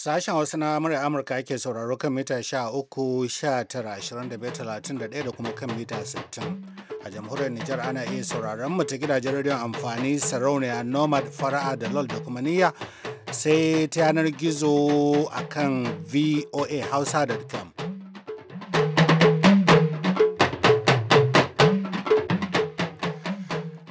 Sashen wasu na murya Amurka ake sauraro kan mita 13, da kuma kan mita 60. A jamhuriyar Nijar ana iya sauraron mu ta gidajen rediyon amfani sarauniya Nomad Fara'a da LOL da kuma niyya sai ta yanar gizo akan voahausa.com.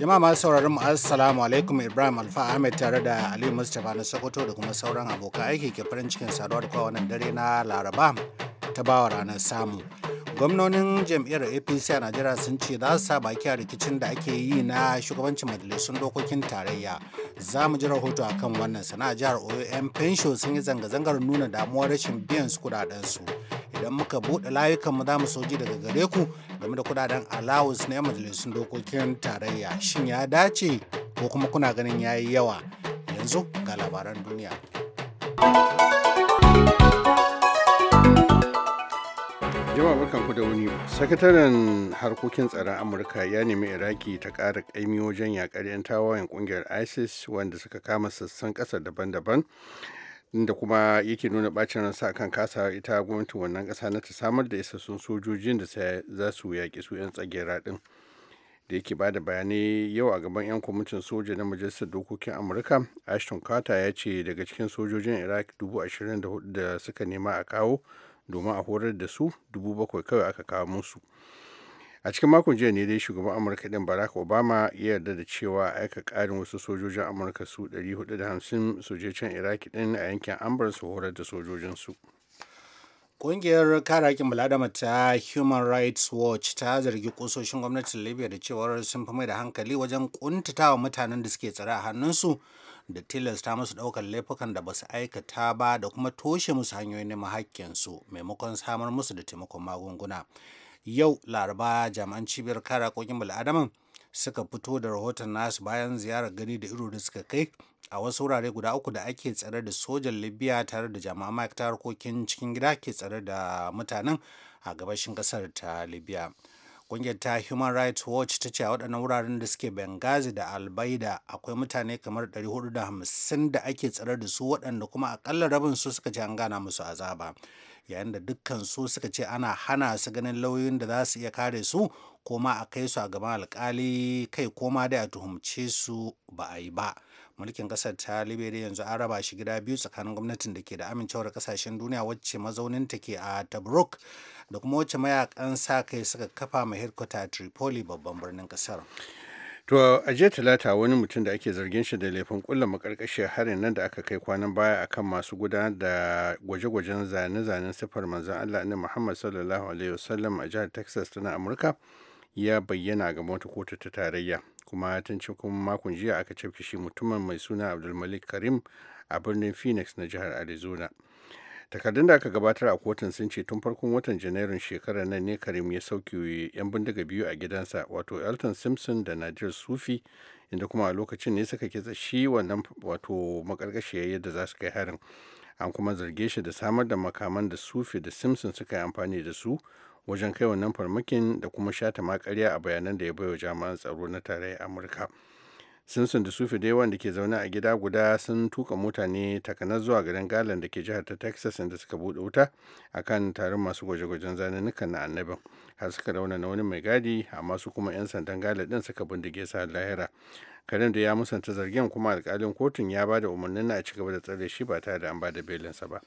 Jama'a masu sauraron mu assalamu alaikum Ibrahim Alfa Ahmed tare da Aliyu Mustapha na Sokoto da kuma sauran abokan aiki ke farin cikin saduwa da kowa wannan dare na Laraba ta bawa ranar samu. Gwamnonin jam'iyyar APC a Najeriya sun ce za su sa baki a rikicin da ake yi na shugabancin majalisun dokokin tarayya. Za mu ji rahoto a kan wannan sana'a jihar Oyo 'yan fensho sun yi zanga-zangar nuna damuwar rashin biyan su kudaden su. idan muka buɗe layukanmu za mu soji daga gare ku game da kudaden allowance na 'yan majalisun dokokin tarayya shin ya dace ko kuma kuna ganin ya yi yawa yanzu ga labaran duniya jama'a ku da wuni sakataren harkokin tsaron amurka ya nemi iraki ta ƙara ƙaimi wajen yaƙar 'yan tawayen ƙungiyar isis wanda suka kama sassan ƙasa daban-daban inda kuma yake nuna bacin ransa kan kasa ita gwamnati wannan kasa na ta samar da isassun sojojin da za su yaƙi su 'yan tsagera da yake ba da bayanai yau a gaban 'yan kwamitin soja na majalisar dokokin amurka ashton carter ya ce daga cikin sojojin iraq 24,000 da suka nema a kawo domin a horar da su 7,000 kawai aka kawo musu a cikin makon jiya ne dai shugaban amurka din barack obama ya yarda da cewa aika karin wasu sojojin amurka su 450 su je can iraki din a yankin ambar su horar da sojojinsu kungiyar kare hakkin bala'adama ta Human Rights Watch ta zargi kusoshin gwamnatin Libya da cewar sun fi mai da hankali wajen ƙuntatawa mutanen da suke tsare a hannunsu da tilasta musu ɗaukar laifukan da basu aikata ba da kuma toshe musu hanyoyin neman haƙƙinsu maimakon samar musu da taimakon magunguna. yau laraba jami'an cibiyar kare haƙoƙin suka fito da rahoton nasu bayan ziyarar gani da ido da suka kai a wasu wurare guda uku da ake tsare da sojan libya tare da jami'an ma'aikatar harkokin cikin gida ke tsare da mutanen a gabashin kasar ta libya kungiyar ta human rights watch ta ce a waɗannan wuraren da suke bengazi da albaida akwai mutane kamar 450 da ake tsare da su waɗanda kuma akalla rabin su suka ci an gana musu azaba yayin da dukkan su suka ce ana hana su ganin lauyoyin da za su iya kare su ko a kai su a gaban alkali kai ko dai a tuhumce su ba a yi ba mulkin kasar ta liberia yanzu an raba shi gida biyu tsakanin gwamnatin da ke da amincewar kasashen duniya wacce mazaunin ta ke a tabrok da kuma wacce mayakan sa kai suka kafa mai headquarter a tripoli babban birnin kasar To a jiya talata wani mutum da ake zargin shi da laifin kulla makarkashiyar harin nan da aka kai kwanan baya akan masu gudanar da gwaje-gwajen zane-zanen siffar manzon Allah ne Muhammad sallallahu alaihi wasallam a jihar Texas tana Amurka ya bayyana ga wata kotu ta tarayya kuma tun cikin makon jiya aka cafke shi mutumin mai suna Abdulmalik Karim a birnin Phoenix na jihar Arizona. takardun da aka gabatar a kotun sun ce tun farkon watan janairun shekarar nan ne karim ya sauke yan bindiga biyu a gidansa wato elton simpson da nadir sufi inda kuma a lokacin ne suka kitsa shi wannan wato makarkashiyar yadda za su kai harin an kuma zarge shi da samar da makaman da sufi da simpson suka yi amfani da su wajen kai wannan farmakin da kuma shata makarya a bayanan da ya baiwa jami'an tsaro na tarayyar amurka sunsun da Sufi dai wanda ke zaune a gida guda sun tuka mutane ne takanar zuwa garin galan da ke jihar ta Texas inda suka bude wuta kan taron masu gwaje-gwajen nuka na annabin. Har suka rauna na wani mai gadi amma su kuma 'yan sandan Garland din suka bindige sa lahira. karin da ya musanta zargin kuma alkalin kotun ya ba da umarnin na a ci gaba da tsare shi ba tare da an ba da belinsa ba.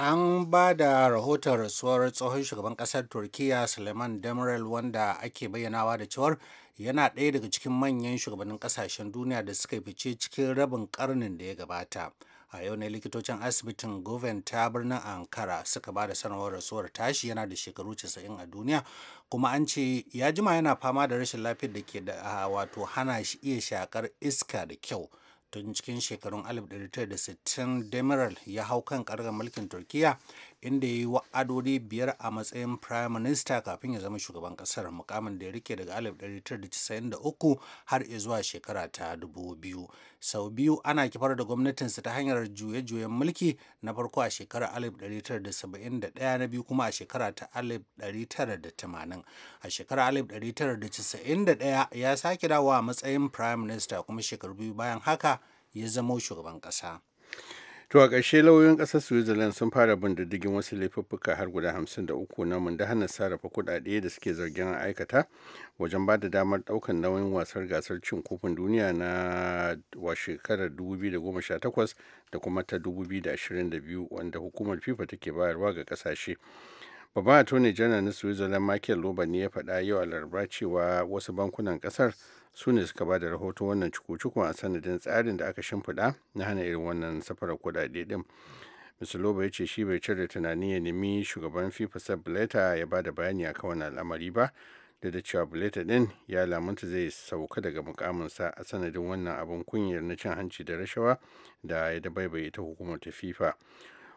an ba da rahoton rasuwar tsohon shugaban kasar turkiya suleiman demirel wanda ake bayyanawa da cewar yana ɗaya daga cikin manyan shugabannin ƙasashen duniya da suka fice cikin rabin karnin da ya gabata a yau ne likitocin asibitin goven ta birnin ankara suka ba da sanarwar rasuwar tashi yana da shekaru 90 a duniya kuma an ce ya jima yana fama da rashin lafiyar da ke da wato hana shi iya shakar iska da kyau tun cikin shekarun 1960 demiral ya hau kan karga mulkin turkiya inda ya yi wa'adodi biyar a matsayin prime minister kafin ya zama shugaban kasar mukamin da ya rike daga 1993 har zuwa shekara ta 2000 sau biyu ana kifar da gwamnatinsa ta hanyar juye-juyen mulki na farko a shekarar 1971 na biyu kuma a shekara ta 1980 a shekarar 1991 ya sake dawa a matsayin prime minister kuma shekaru biyu bayan haka ya zama shugaban ƙasa. to a ƙarshe lauyoyin ƙasar switzerland sun fara bin diddigin wasu laifuffuka har guda 53 na hana sarrafa kuɗaɗe da suke zargin aikata wajen ba da damar ɗaukar nauyin wasar gasar cin kofin duniya na wa shekarar 2018 da kuma ta 2022 wanda hukumar fifa take bayarwa ga ƙasashe babban attorney general na switzerland michael lobani ya faɗa yau a cewa wasu bankunan ƙasar su ne suka ba da rahoton wannan cuku-cukun a sanadin tsarin da aka shimfiɗa na hana irin wannan safarar kuɗaɗe ɗin mr lobo ya ce shi bai cire tunanin ya nemi shugaban fifa sab ya ba da bayani a wani al'amari ba da da cewa buleta ɗin ya lamunta zai sauka daga mukaminsa a sanadin wannan abun kunyar na cin hanci da rashawa da ya dabaibaye ita hukumar ta fifa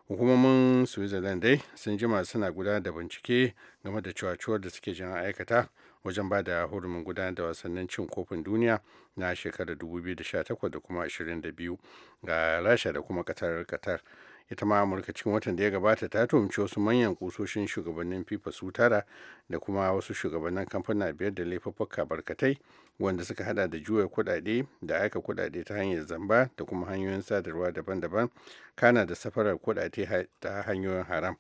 hukumomin switzerland dai sun jima suna gudanar da bincike game da cuwacuwar da suke jin aikata wajen ba da hurumin gudanar da wasannin cin kofin duniya na shekarar 2018 da kuma 22 ga rasha da kuma katar katar ita ma amurka cikin watan da ya gabata ta tuhumci wasu manyan kusoshin shugabannin fifa su tara da kuma wasu shugabannin kamfanin biyar da laifuffuka barkatai wanda suka hada da juya kudade da aika kudade ta hanyar zamba da kuma hanyoyin sadarwa daban-daban kana da safarar kudade ta hanyoyin haram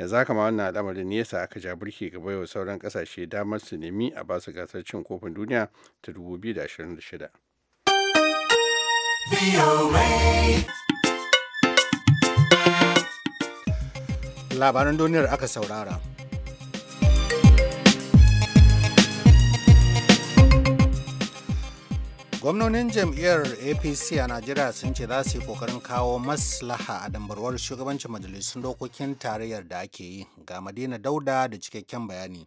yanzu haka ma wannan al'amarin ne yasa aka ja ga baiwa sauran kasashe damar su nemi a basu gasar cin kofin duniya ta 2026 labaran duniyar aka saurara gwamnonin jam'iyyar apc a najeriya sun ce za su yi kokarin kawo maslaha a dambarwar shugabancin majalisun dokokin tarayyar da ake yi ga madina dauda da cikakken bayani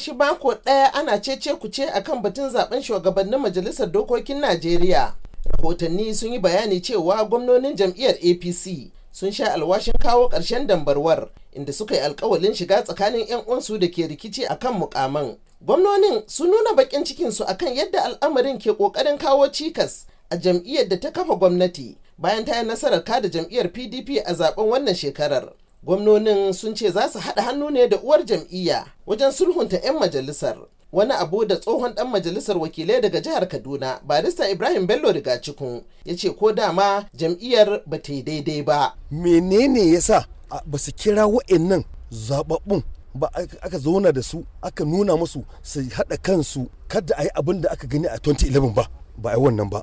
shi mako ɗaya ana cece ce akan batun zaben shugabannin majalisar dokokin najeriya rahotanni sun yi bayani cewa gwamnonin jam'iyyar apc sun sha alwashin kawo ƙarshen dambarwar inda suka yi alkawalin shiga tsakanin 'yan uwansu da ke rikici akan mukaman gwamnonin sun nuna bakin cikinsu akan yadda al'amarin ke kokarin kawo cikas a jam'iyyar da ta kafa gwamnati bayan ta yi nasarar kada jam'iyyar pdp a zaben wannan shekarar gwamnonin sun ce za su haɗa hannu ne da uwar jam'iyya wajen sulhunta 'yan majalisar wani abu da tsohon dan majalisar wakilai daga jihar kaduna barista ibrahim bello daga cikin ya ce ko dama jam'iyyar ba ta yi daidai ba menene yasa ba su kira wa'annan zababbun ba aka zauna da su aka nuna musu su haɗa kansu kada a yi abin da aka gani a 2011 ba ba a yi wannan ba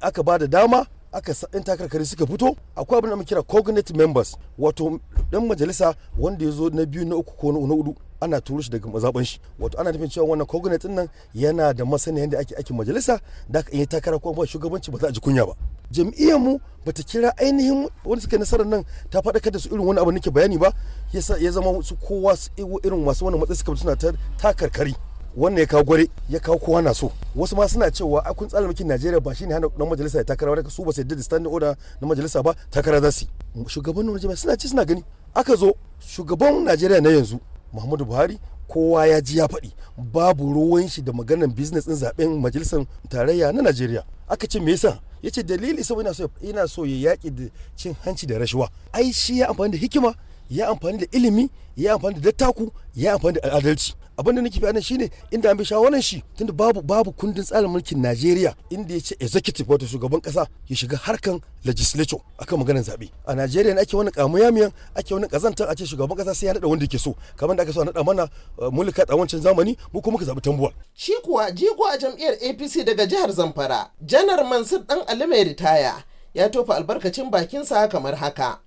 aka ba da dama aka sa'in takarkari suka fito akwai abin da kira cognate members wato dan majalisa wanda ya zo na biyu na uku ko na hudu ana turo shi daga mazaɓan shi wato ana nufin cewa wannan cognate din nan yana da masaniya yadda ake aikin majalisa da aka iya takara ko ba shugabanci ba za a ji kunya ba jam'iyyar mu ta kira ainihin wanda suka nasarar nan ta faɗakar da su irin wani abu nake bayani ba ya zama su kowa irin masu wani matsayi suka suna ta karkari wannan ya kawo gware ya kawo kowa na so wasu ma suna cewa a kun tsara mulkin Najeriya ba shine hana dan majalisa ya takara ba su ba su yadda da standing order na majalisa ba takara za su shugaban Najeriya suna ci suna gani aka zo shugaban Najeriya na yanzu Muhammadu Buhari kowa ya ji ya faɗi babu ruwan shi da maganar business din zaben majalisar tarayya na Najeriya aka ce me yasa ya ce dalili saboda yana so ya yaƙi da cin hanci da rashuwa. ai shi ya amfani da hikima ya amfani da ilimi ya amfani da dattaku ya amfani da adalci abin da nake bayanin shine inda an bi shawaran shi tunda babu babu kundin tsarin mulkin Najeriya inda ya ce executive wato shugaban kasa ya shiga harkan legislature akan maganar zabe a Najeriya ne ake wani miyan ake wani kazantar a ce shugaban kasa sai ya nada wanda yake so kamar da aka so a nada mana eh, mulka a wancan zamani mu kuma ka zabi tambuwa shi kuwa jigo a jam'iyyar APC daga jihar Zamfara janar Mansur dan Ali mai ritaya ya tofa albarkacin bakinsa kamar haka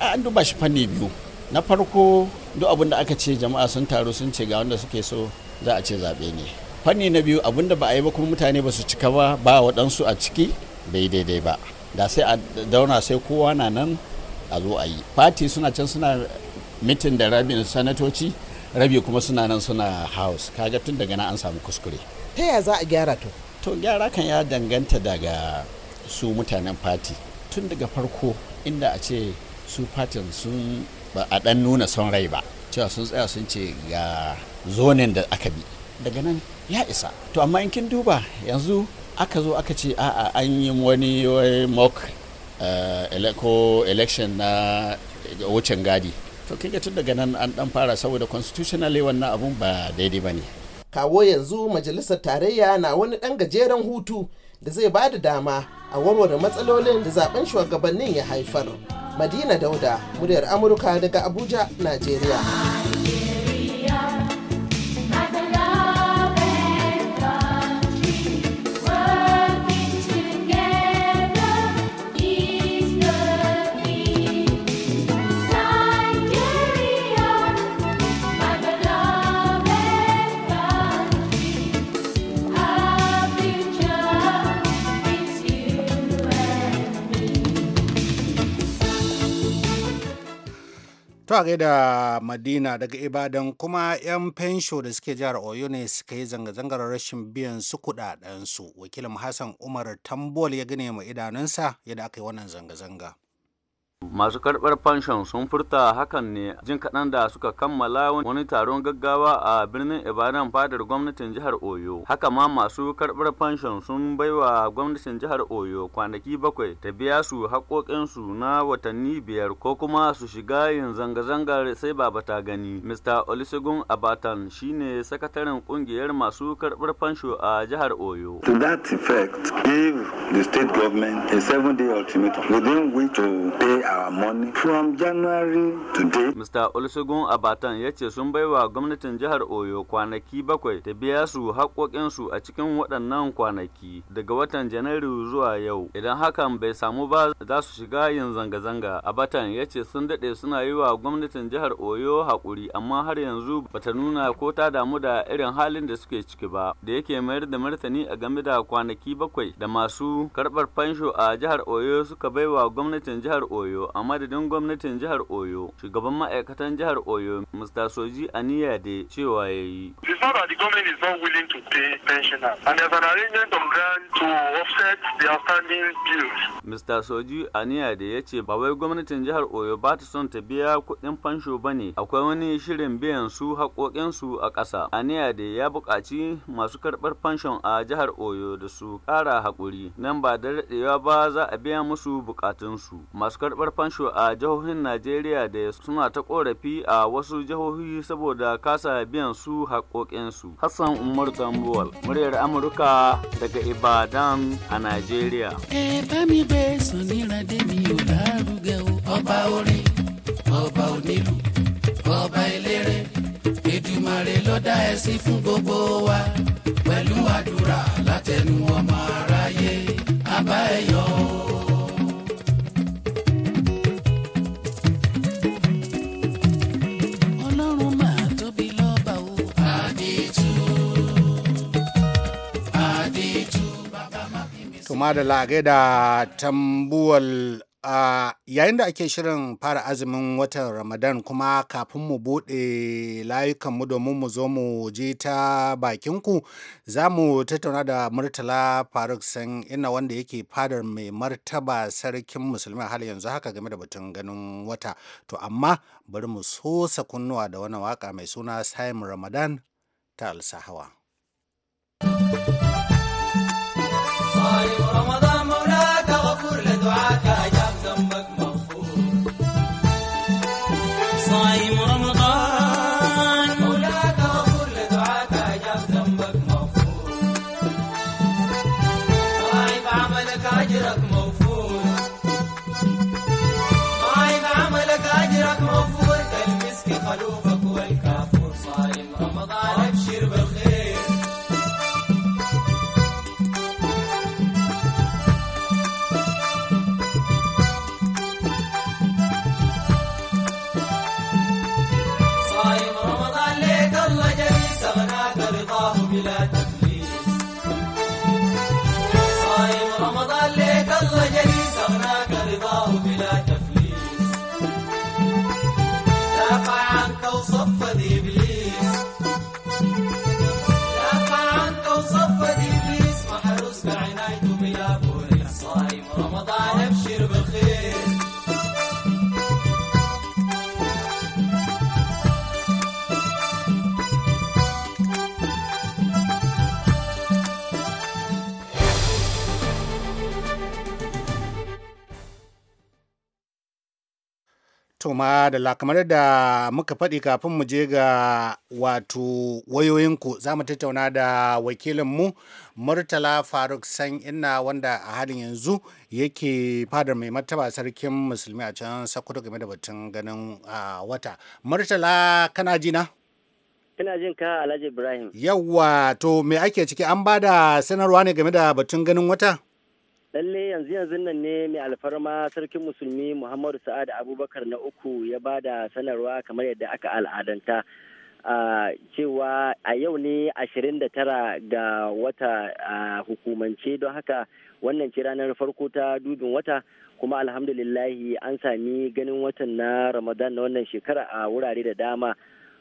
an duba shi fanni biyu na farko duk abin da aka ce jama'a sun taru sun ce ga wanda suke so za a ce zaɓe ne fanni na biyu abin da ba a yi ba kuma mutane ba su cika ba ba waɗansu a ciki bai daidai ba da sai a dauna sai kowa na nan a zo a yi fati suna can suna mitin da rabin sanatoci rabi kuma suna nan suna house kaga tun daga na an samu kuskure ta ya za a gyara to to gyara kan ya danganta daga su mutanen fati tun daga farko inda a ce su fatin sun ba a ɗan nuna son rai ba cewa sun tsaya sun ce ga zonin da aka bi daga nan ya isa to amma in kin duba yanzu aka zo aka ce a'a an yi wani mock eh, ko election na wucin gadi to kinga tun daga nan an dan fara saboda constitutionally wannan abun ba daidai ba ne kawo yanzu majalisar tarayya na wani dan gajeren hutu da zai ba da dama a warware matsalolin da zaben shugabannin ya haifar madina dauda muryar amurka daga abuja najeriya To a da Madina daga Ibadan kuma 'yan fensho da suke jihar Oyo ne suka yi zanga-zangar rashin biyan su su Wakilin Hassan Umar Tambol ya gane mu idanunsa yadda aka yi wannan zanga-zanga. Masu karɓar fanshon sun furta hakan ne jin kaɗan da suka kammala wani taron gaggawa a birnin Ibadan fadar gwamnatin jihar Oyo. Haka ma masu karbar fanshon sun baiwa gwamnatin jihar Oyo kwanaki bakwai ta biya su haƙoƙinsu na watanni biyar ko kuma su shiga yin zanga-zangar sai ba bata gani. Mr. Olusegun Abatan shine sakataren ƙungiyar masu karbar fansho a jihar Oyo. To that effect, give the state government a seven-day ultimatum within which to pay our money from January to date. Mr. Olusegun Abatan ya ce sun bai wa gwamnatin jihar Oyo kwanaki bakwai ta biya su haƙoƙinsu a cikin waɗannan kwanaki daga watan Janairu zuwa yau. Idan hakan bai samu ba za su shiga yin zanga-zanga. Abatan ya ce sun daɗe suna yi wa gwamnatin jihar Oyo haƙuri amma har yanzu bata nuna ko ta damu da irin halin da suke ciki ba. Da yake mayar da martani a game da kwanaki bakwai da masu karɓar fansho a jihar Oyo suka bai wa gwamnatin jihar Oyo. Oyo a madadin gwamnatin jihar Oyo. Shugaban ma'aikatan jihar Oyo Mr. Soji de cewa ya yi. It's not that the government is not willing to pay pensioners and there's an arrangement grant to offset the outstanding bills. Mr. Soji ya ce ba gwamnatin jihar Oyo ba ta son ta biya kuɗin fansho ba ne akwai wani shirin biyan su haƙoƙinsu a ƙasa. aniya de ya buƙaci masu karɓar fanshon a jihar Oyo da su ƙara haƙuri nan ba da daɗewa ba za a biya musu buƙatunsu. Masu karɓar dokar fansho a jihohin najeriya da suna ta korafi a wasu jihohi saboda kasa biyan su haƙoƙinsu hassan umar tambuwal muryar amurka daga ibadan a najeriya ọba orin ọba ló dá ẹsìn fún gbogbo wa pẹ̀lú àdúrà látẹnu ọmọ aráyé abá ẹ̀yọ́ To madalla a da tambuwal a yayin da ake shirin fara azumin watan Ramadan kuma kafin mu buɗe layukanmu domin mu zo mu je ta bakinku za mu tattauna da Murtala Faruk San ina wanda yake fadar mai martaba sarkin musulmi har yanzu haka game da batun ganin wata. To amma bari mu sosa kunnuwa da wani waka mai suna Saim Ramadan ta Alsahawa. رمضان مولاك غفور لدعاء madalla kamar da muka faɗi kafin mu je ga wato wayoyinku za mu tattauna da wakilinmu murtala faruk san inna wanda a halin yanzu yake fadar mai martaba sarkin musulmi a can sakkwato game da batun ganin wata murtala kana jina ina jin ka alhaji ibrahim yawwa to me ake ciki an ba da sanarwa ne game da batun ganin wata lalle yanzu yanzu nan ne mai alfarma sarkin musulmi muhammadu sa'ad abubakar na uku ya ba da sanarwa kamar yadda aka al'adanta cewa a yau ne 29 ga wata hukumance don haka wannan ce ranar farko ta dubin wata kuma alhamdulillahi an sami ganin watan na ramadan na wannan shekara a wurare da dama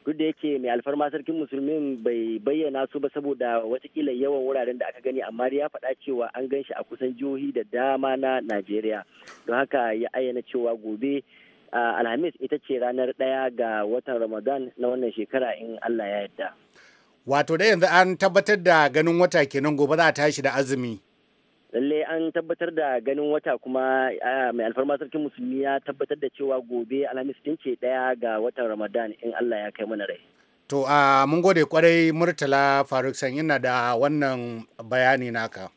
duk da yake mai alfarma sarkin musulmin bai bayyana su ba saboda watakila yawan wuraren da aka gani amma ya faɗa cewa an gan shi a kusan jihohi da dama na najeriya don haka ya ayyana cewa gobe alhamis ita ce ranar ɗaya ga watan ramadan na wannan shekara in allah ya yadda. wato da yanzu an tabbatar da ganin wata kenan gobe za a tashi da azumi lalle an tabbatar da ganin wata kuma mai alfarma sarkin musulmi ya tabbatar da cewa gobe alhamis din ce daya ga watan ramadan in allah ya kai mana rai to a mun gode kwarai murtala faruk san yana da wannan bayani naka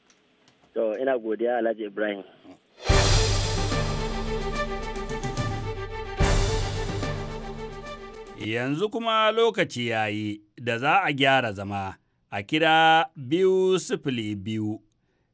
to ina godiya alhaji ibrahim yanzu kuma lokaci yayi da za a gyara zama a kira biyu sifili biyu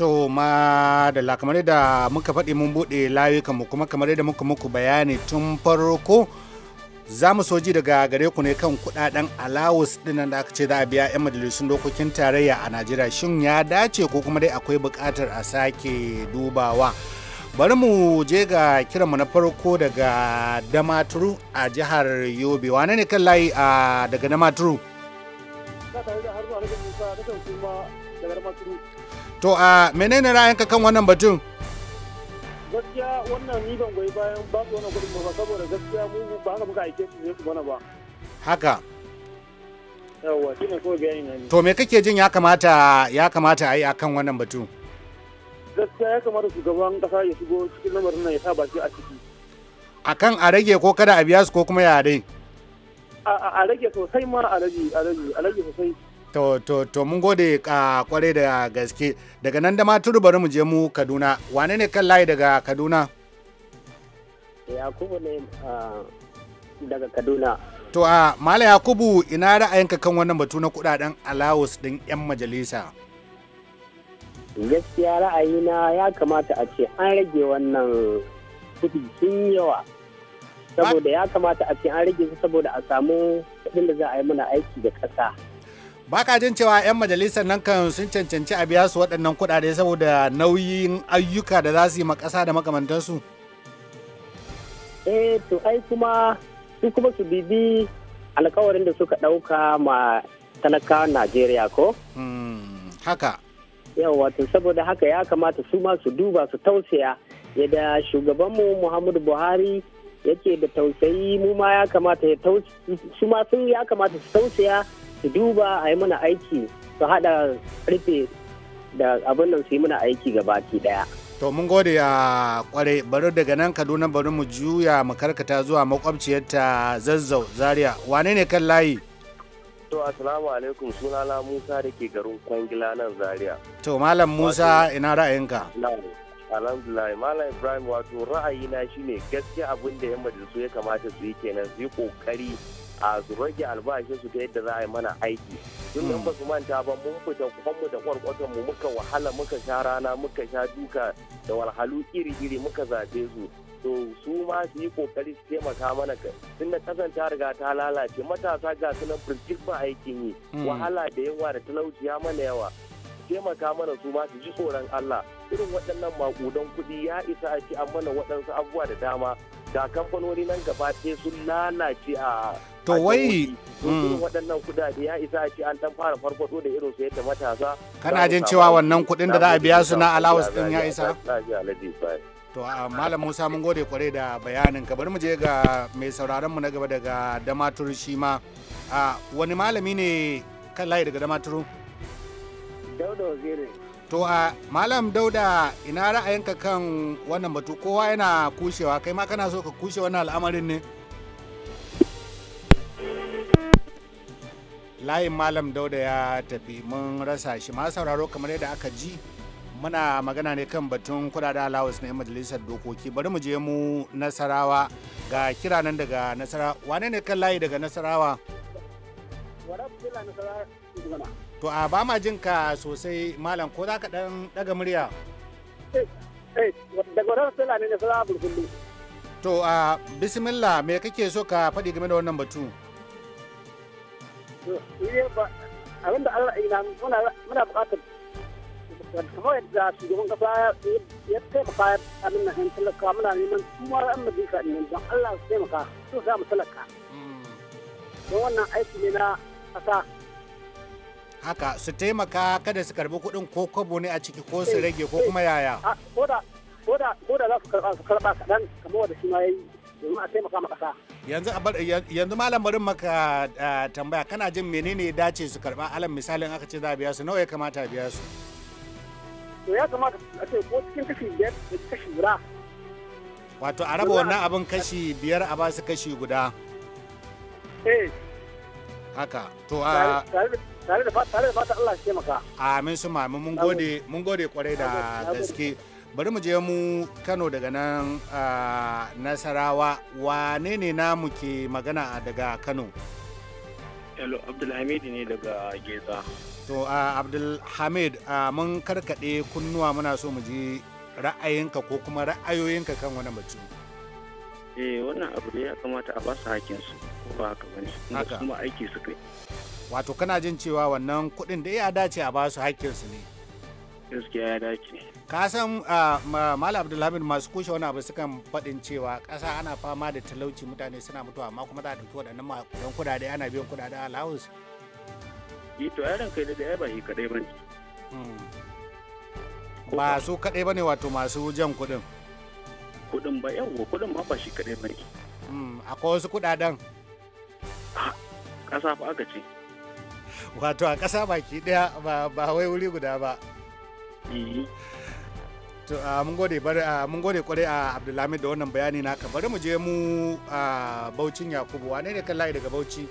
to ma da kamar da muka faɗi mun buɗe mu kuma kamar da muka muku bayani tun farko za mu soji daga gare ku ne kan kuɗaɗen alawus dinnan da aka ce za a biya 'yan majalisun dokokin tarayya a najeriya shin ya dace ko kuma dai akwai bukatar a sake dubawa bari mu je ga kiranmu na farko daga damaturu a jihar yobe wane ne kan layi a daga damaturu to a menene ra'ayinka kan wannan batun gaskiya wannan ni ban goyi bayan ba su wannan gudun ba saboda gaskiya mu ba haka muka aike su zai su mana ba haka yawwa shine ko bayani nan to me kake jin ya kamata ya kamata a yi akan wannan batu gaskiya ya kamata shugaban kasa ya shigo cikin lamarin nan ya sa baki a ciki akan a rage ko kada a biya su ko kuma ya dai a rage sosai ma a rage a rage a rage sosai to to to mun gode ka kware da gaske daga nan da maturu bari mu je mu kaduna wane ne kan layi daga kaduna yakubu ne daga kaduna to a mala yakubu ina ra'ayinka kan wannan batu na kudaden alawus din yan majalisa gaskiya ra'ayina ya kamata a ce an rage wannan kudi sun yawa saboda ya kamata a ce an rage su saboda a samu kudin da za a yi mana aiki da ƙasa baka jin cewa 'yan majalisar nan kan sun cancanci a biya su waɗannan kuɗaɗe saboda nauyin ayyuka da za su yi makasa da makamantansu? eh to ai kuma su kuma su bibi alkawarin da suka ɗauka ma talaka najeriya ko? Hmm, haka yawa to saboda haka ya kamata su ma su duba su tausaya yadda shugabanmu muhammadu buhari yake da tausayi mu ma ya kamata ya ya kamata su tausaya su duba a yi mana aiki su haɗa rufe da abin nan su yi mana aiki gabaki daya. To mun gode ya kware bari daga nan Kaduna bari mu juya mu karkata zuwa makwabciyarta Zazzau Zaria. Wane ne kan layi? To assalamu alaikum sunana Musa da ke garin Kwangila nan Zaria. To Malam Musa ina ra'ayinka? Alhamdulillah Malam Ibrahim wato ra'ayina shine gaskiya abin da majalisu ya kamata su yi kenan su yi kokari a su rage albashin su ta yadda za a yi mana aiki tun nan mm. ba su manta ba mun fita kwanmu da kwarkwatan mu muka wahala muka sha rana muka sha duka da walhalu iri-iri muka zaɓe su to su ma su yi kokari su taimaka mana tun da kasan ta riga ta lalace matasa ga su nan ba aikin yi mm. wahala da yawa da talauci ya mana yawa taimaka mana su ma su ji tsoron Allah irin waɗannan makudan kuɗi ya isa a ci an mana waɗansu abubuwa da dama ga kamfanoni nan gaba ɗaya sun lalace a to wai hmm. waɗannan kudade ya isa ce an dan fara farfado da irin su yadda matasa kana jin cewa wannan kuɗin da za a biya su na allowance din ya isa to a malam musa mun gode kware da bayanin ka bari mu je ga mai sauraron mu na gaba daga damaturu shi ma wani malami ne kan layi daga damaturu dauda to a malam dauda ina ra'ayinka kan wannan batu kowa yana kushewa kai ma kana so ka kushe wannan al'amarin ne layin malam dauda ya tafi mun rasa shi ma sauraro kamar yadda aka ji muna magana ne kan batun kudaden allowance na 'yan majalisar dokoki bari mu je mu nasarawa ga kira nan daga nasarawa wane ne kan layi daga nasarawa to a ba ma jin ka sosai malam ko za ka dan daga murya to a bismillah me kake so ka faɗi game da wannan batun. abinda Allah ina shugaban kasa ya taimaka abin talaka muna neman kuma hmm. an ne na kasa haka su taimaka kada su karbi kuɗin ko kwabo ne a ciki ko su eh, rage ko eh, kuma yaya ko da za su karba su karba kaɗan kamar wanda shi ma yi domin a taimaka ma ƙasa yanzu yanzu malam bari maka tambaya kana jin menene ya dace su karba alam misalin aka ce za a biya su nawa ya kamata a biya su to ya kamata a ce ko cikin kashi biyar da kashi guda wato a raba wannan abin kashi biyar a basu kashi guda eh haka to a tare da fata Allah ya taimaka amin su mamu mun gode mun gode kwarai da gaske bari mu je mu kano daga nan a nasarawa wane ne namu ke magana daga kano hello abdulhamid ne daga geza to a abdulhamid mun karkade kunnuwa muna so mu ji ra'ayinka ko kuma ra'ayoyinka kan wani batu eh wannan abu da ya kamata a basu hakinsu ko ba haka bane kuma aiki su yi wato kana jin cewa wannan kuɗin da ya dace a basu hakinsu ne gaskiya ya dace ka san ah, malam abdulhamid masu kushe wani abu sukan faɗin cewa ƙasa ana fama da talauci mutane suna mutuwa amma kuma za a ɗauki waɗannan makudan kudade ana biyan kudade a allowance eh to ya ranka ne da ya ba shi kaɗai ba ne hmm. ba su kaɗai ba ne wato masu jan kuɗin kuɗin ba wa kuɗin ma ba shi kadai ba ne hmm, akwai wasu kuɗaɗen ah, ƙasa fa aka ce wato a ƙasa baki ɗaya ba wai wuri guda ba eh. mun gode bari mun gode kwarai a Abdulhamid da wannan bayani naka bari mu je mu a Baucin Yakubu wane ne kan layi daga Bauchi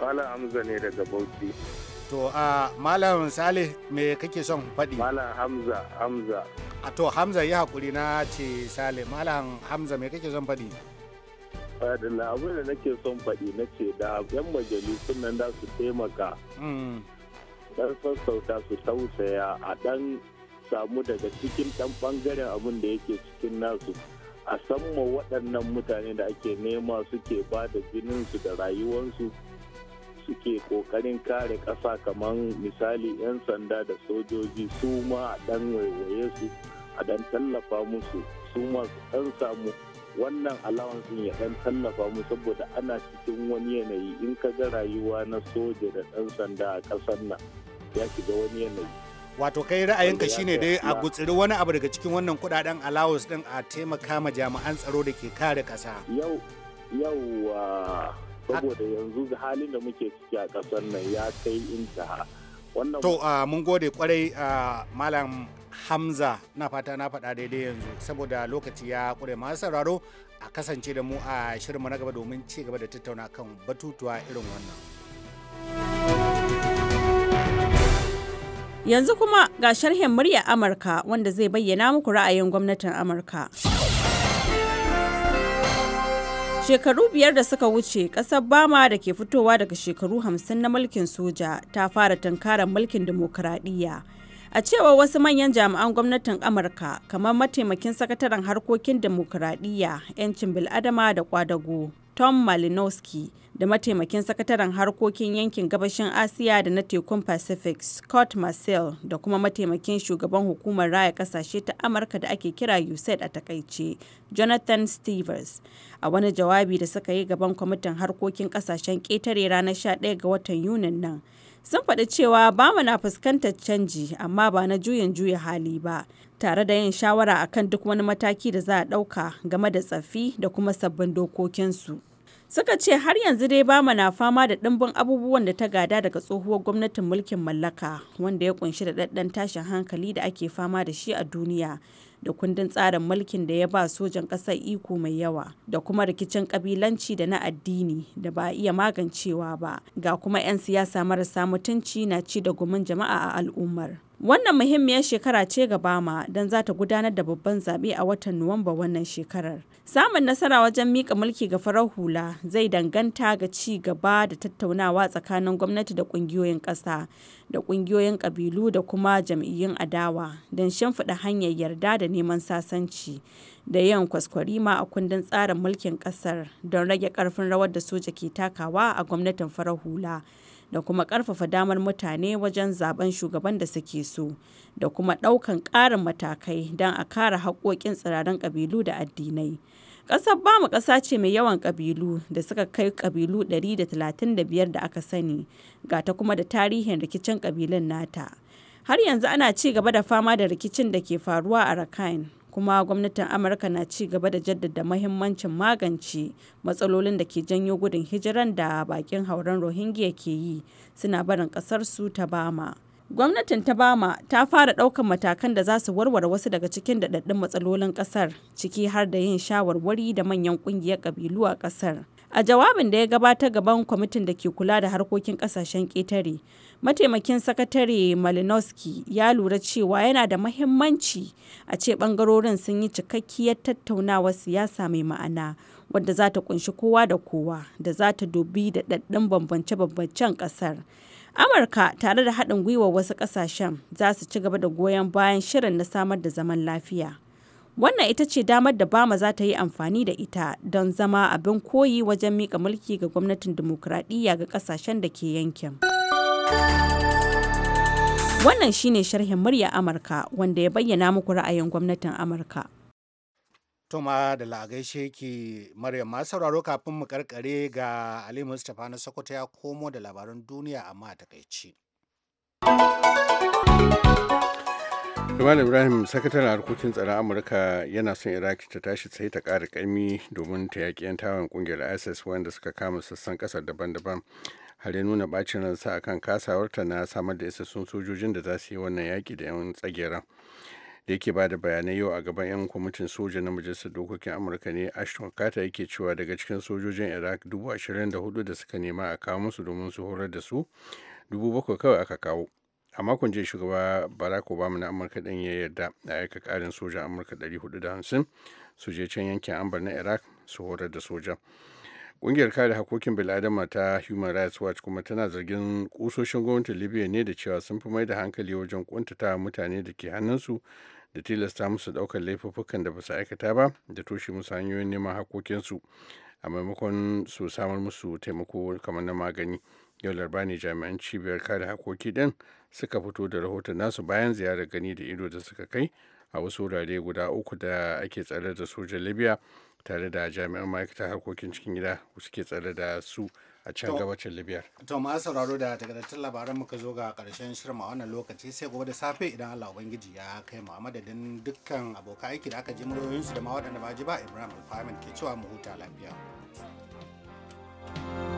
Malam Hamza ne daga Bauchi to a Malam Sale me kake son faɗi Malam Hamza Hamza a to Hamza ya hakuri na ce Sale Malam Hamza me kake son faɗi Fadila abin da nake son faɗi na ce da 'yan majalisun nan da su taimaka. Ɗan mm. sassauta su tausaya a dan samu daga cikin dan bangaren abin da yake cikin nasu a samma waɗannan mutane da ake nema suke ba da jininsu da rayuwarsu suke ƙoƙarin kare ƙasa kamar misali 'yan sanda da sojoji su ma a ɗan waiwaye su a ɗan tallafa musu su ma su ɗan samu wannan alawansin ya ɗan tallafa mu saboda ana cikin wani yanayi in ka ga rayuwa na soja da ɗan sanda a ƙasar nan ya shiga wani yanayi wato kai ra'ayinka shine dai a gutsiri wani abu daga cikin wannan kudaden allowance din a taimaka ma jami'an tsaro da ke kare kasa yau yau saboda yanzu da halin da muke ciki a kasar nan ya kai intaha wannan to ah, mun gode kwarai ah, malam hamza na fata na faɗa daidai yanzu saboda lokaci ya kure masu sauraro a kasance da mu a shirinmu na gaba domin ci gaba da tattauna kan batutuwa irin wannan. Yanzu kuma ga sharhin murya Amurka wanda zai bayyana muku ra'ayin gwamnatin Amurka. Shekaru biyar da suka wuce, ƙasar Bama da ke fitowa daga shekaru hamsin na mulkin soja ta fara tunkarar mulkin dimokuraɗiyya. A cewar wasu manyan jami'an gwamnatin Amurka, kamar mataimakin sakataren harkokin dimokuraɗiyya, 'yancin bil'adama da kwadago. Tom Malinowski da mataimakin sakataren harkokin yankin gabashin Asiya da na tekun Pacific Scott Marcel da kuma mataimakin shugaban hukumar raya kasashe ta Amurka da ake kira USAID a takaice Jonathan Stevens a wani jawabi da suka yi gaban kwamitin harkokin kasashen ƙetare ranar 11 ga watan Yunin nan. Sun faɗi cewa ba mu na fuskantar canji amma ba na juyin juya hali ba tare da yin shawara akan duk wani mataki da za a ɗauka game da tsaffi da kuma sabbin dokokinsu. Suka ce har yanzu dai Bama na fama da ɗimbin abubuwan da ta gada daga tsohuwar gwamnatin mulkin mallaka wanda ya kunshi da daddan tashin hankali da ake fama da shi a duniya da kundin tsarin mulkin da ya ba sojan ƙasar iko mai yawa da kuma rikicin ƙabilanci da na addini da ba iya magancewa ba ga kuma 'yan siyasa marasa mutunci na ci da gumin jama'a a al'ummar. Wannan muhimmiyar shekara ce ga Bama don za ta gudanar da babban zaɓe a watan Nuwamba wannan shekarar. Samun nasara wajen mika mulki ga farar hula zai danganta ga ci gaba da tattaunawa tsakanin gwamnati da ƙungiyoyin ƙasa da ƙungiyoyin ƙabilu da kuma jam'iyyun adawa don shimfiɗa hanyar yarda da neman sasanci da yin kwaskwari ma a kundin tsarin mulkin ƙasar don rage ƙarfin rawar da soja ke takawa a gwamnatin farar hula. da kuma ƙarfafa damar mutane wajen zaben shugaban da suke so da kuma ɗaukan ƙarin matakai don a kare haƙoƙin tsirarin ƙabilu da addinai. Ƙasar Bamu ƙasa ce mai yawan ƙabilu da suka kai ƙabilu 135 da aka sani, ga ta kuma da tarihin rikicin ƙabilun nata. Har yanzu ana ci gaba da fama da rikicin da ke faruwa a Rakhine. kuma gwamnatin amurka na ci gaba da jaddada mahimmancin magance matsalolin da ke janyo gudun hijiran da bakin hauren rohingya ke yi suna barin su ta bama gwamnatin ta bama ta fara ɗaukar matakan da za su warware wasu daga cikin daɗaɗɗun matsalolin ƙasar ciki har da yin shawarwari da manyan ƙungiyar ƙabilu a ƙasar a jawabin da ya gabata gaban kwamitin da ke kula da harkokin ƙasashen ƙetare mataimakin sakatare malinowski ya lura cewa yana da mahimmanci a ce bangarorin sun yi cikakkiyar tattaunawar siyasa mai ma'ana wadda za ta kunshi kowa da kowa da za ta dubi da daɗin bambance-bambancen ƙasar amurka tare da haɗin gwiwar wasu ƙasashen za su ci gaba da goyon bayan shirin na samar da zaman lafiya wannan ita ce damar da bama za ta yi amfani da ita don zama abin koyi wajen mika mulki ga gwamnatin dimokuraɗiyya ga ƙasashen da ke yankin. Wannan shine sharhin murya Amurka wanda ya bayyana muku ra'ayin gwamnatin Amurka. Toma da la'agaishe ki Maryam masu sauraro kafin mu karkare ga Ali Mustapha na Sokoto ya komo da labaran duniya amma a takaici. Jamal Ibrahim sakataren harkokin tsaron Amurka yana son Iraki ta tashi sai ta kara ƙaimi domin ta yaƙi 'yan tawon ƙungiyar ISIS wanda suka kama sassan ƙasar daban-daban. har ya nuna bacin ransa akan kasawarta na samar da isassun sojojin da za su yi wannan yaƙi da 'yan tsagera da yake ba da bayanai yau a gaban 'yan kwamitin soja na majalisar dokokin amurka ne ashton carter yake cewa daga cikin sojojin iraq dubu ashirin da hudu da suka nema a kawo musu domin su horar da su dubu bakwai kawai aka kawo a makon jiya shugaba barack obama na amurka din ya yarda a aika karin soja amurka 450 su je can yankin ambar na iraq su horar da soja Ƙungiyar kare hakokin bil'adama ta Human Rights Watch kuma tana zargin kusoshin gwamnatin Libya ne da cewa sun fi mai da hankali wajen kuntata mutane da ke hannunsu da tilasta musu ɗaukar laifuffukan da ba su aikata ba da toshe musu hanyoyin neman hakokinsu a maimakon su samar musu taimako kamar na magani. Yau larba ne jami'an cibiyar kare hakoki ɗin suka fito da rahoton nasu bayan ziyarar gani da ido da suka kai a wasu wurare guda uku da ake tsare da sojan Libya tare da jami'an ma'aikatar harkokin cikin gida suke tsare da su a can gabacin libya to ma sauraro da takardattun labaran muka zo ga karshen shirma a wannan lokaci sai gobe da safe idan allah ubangiji ya kai mu da dukkan abokan aiki da aka je ji su da ma waɗanda ba ji ba ibrahim alfahamin ke cewa mu huta lafiya thank you